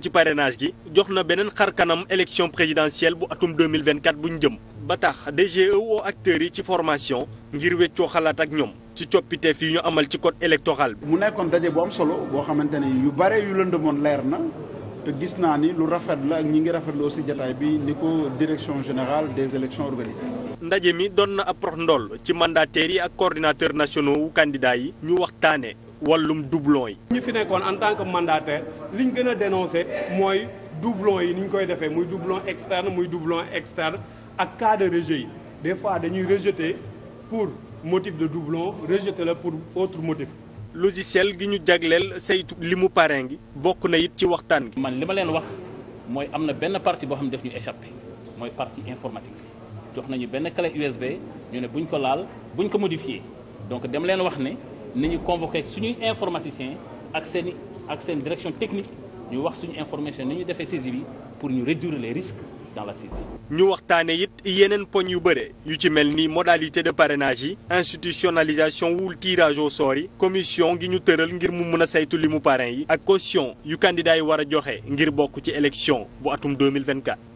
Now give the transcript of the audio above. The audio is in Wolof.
ci parrainage gi jox na beneen xar kanam élection présidentielle bu atum 2024 bu ñu jëm ba tax DGE woo acteurs yi ci formation ngir weccoo xalaat ak ñoom ci coppiteef yi ñu amal ci code électoral bi. mu nekkoon daje bu am solo boo xamante ne yu bare yu lëndëmoon leer na te gis naa ni lu rafet la ak ñi ngi rafetlu aussi jataay bi ni ko direction générale des élections organisées. ndaje mi doon na approche ndool ci mandataires yi ak coordinateurs nationaux wu candidats yi ñu waxtaanee. wallum doublon yi. ñu fi nekkoon en tant que mandataire liñ gën a dénoncé mooy doublon yi ni ñu koy defee muy doublon externe muy doublon externe ak cas de yi des fois dañuy rejeter pour motif de doublon rejeter la pour autre motif. logiciel gi ñu jagleel saytu li mu parrain gi bokk na it ci waxtaan gi. man li ma leen wax mooy am na benn partie boo xam ne daf ñu échappé mooy partie informatique jox nañu benn clé USB ñu ne buñ ko laal buñ ko modifié donc dem leen wax ne. nañu convoqué suñuy informaticien ak seen ak seen direction technique ñu wax suñu information ni ñu defee saisie bi pour ñu réduire les risques dans la saisie. ñu waxtaane it yeneen poñ yu bëre yu ci mel ni modalité de parrainage yi institutionnalisation wu tirage au sort yi commission gi ñu tëral ngir mu mën a saytu limu parrain yi ak caution yu candidat yi war a joxe ngir bokk ci élection bu atum 2024